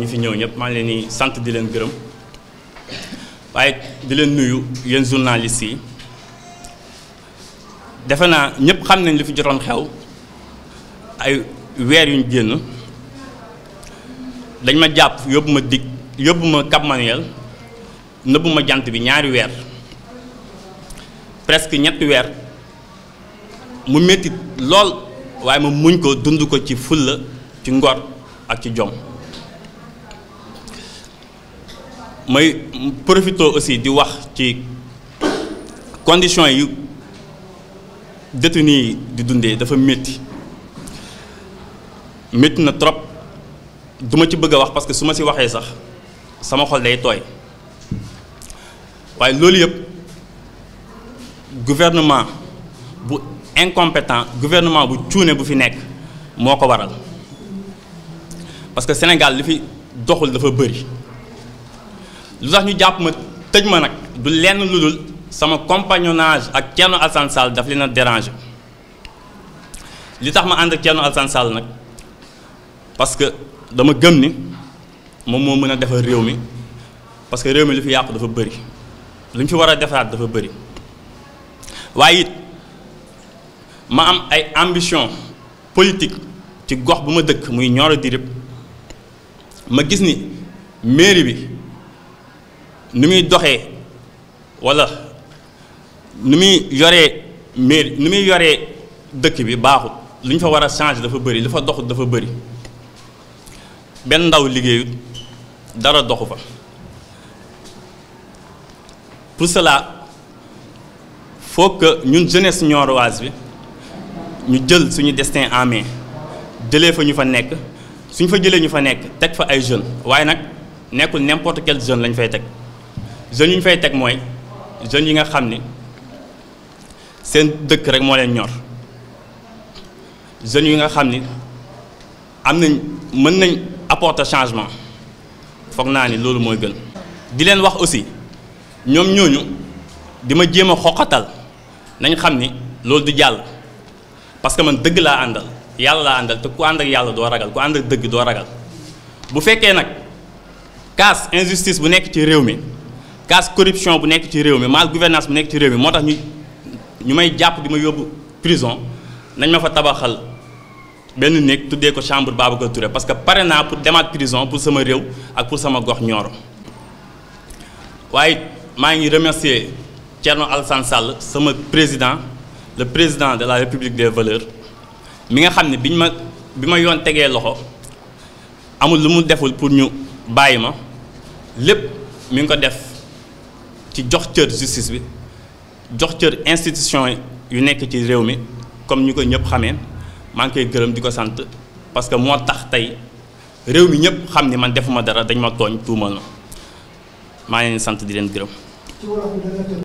ñu fi ñëw ñëpp maa ngi leen di sant di leen gërëm waaye di leen nuyu yéen journalistes yi defe naa ñëpp xam nañ li fi jotoon xew ay weer yuñ génn dañ ma jàpp yóbbu ma dig yóbbu ma Cap Manuel nëbbu ma bi ñaari weer presque ñetti weer mu métti lool waaye ma muñ ko dund ko ci fulla ci ngor ak ci jom may profito aussi di wax ci condition yi détenu nii di dundee dafa métti métti na trop du ma ci bëgg a wax parce que su ma si waxee sax sama xol day tooy waaye loolu yëpp gouvernement bu incompétent gouvernement bu cuune bu fi nekk moo ko waral parce que Sénégal li fi doxul dafa bëri lu tax ñu jàpp ma tëj ma nag du lenn lu dul sama compagnonnage ak Thierno Alassane Sall daf leen a déranger li tax ma ànd ak Thierno Alassane nag parce que dama gëm ni moom moo mën a defar réew mi parce que réew mi lu fi yàqu dafa bëri lu ñu fi war a defaraat dafa bëri waaye it ma am ay ambition politique ci gox bu ma dëkk muy Nioro di Rip ma gis ni mairie bi. ni muy doxee walla nu muy yoree mairie nu muy yore dëkk bi baaxut li ñu fa war a changer dafa bëri li fa doxut dafa bëri benn ndaw liggéeyut dara doxu fa pour cela faut que ñun jeunesse nioroise bi ñu jël suñu destin en main jëlee fa ñu fa nekk suñ fa jëlee ñu fa nekk teg fa ay jeunes waaye nag nekkul n'importe quel jeune lañ fay teg jeunes yu ñu fay teg mooy jeunes yi nga xam ni seen dëkk rek moo leen ñor jeunes yi nga xam ni am nañ mën nañ apporter changement foog naa ni loolu mooy gën. di leen wax aussi ñoom ñooñu di ma jéem a xoqatal nañ xam ni loolu di jàll parce que man dëgg laa àndal yàlla laa àndal te ku ànd ak yàlla doo ragal ku ànd ak dëgg doo ragal bu fekkee nag kaas injustice bu nekk ci réew mi. casse corruption bu nekk ci réew mi mal gouvernance bu nekk ci réew mi moo tax ñu ñu may jàpp bi ma yóbbu prison nañ ma fa tabaxal benn néeg tuddee ko chambre Babacar ture parce que pare naa pour demaat prison pour sama réew ak pour sama gox Nioro waaye maa ngi remercier Thierno Alassane Sall sama président le président de la République des valeur mi nga xam ne biñ ma bi ma yoon tegee loxo amul lu mu deful pour ñu bàyyi ma lépp mu ngi ko def. ci jox cër justice bi jox cër institution yu nekk ci réew mi comme ñu ko ñëpp xamee maa ngi koy gërëm di ko sant parce que moo tax tey réew mi ñëpp xam ni man defuma dara dañu ma tooñ tuumal ma maa ngi leen sant di leen gërëm.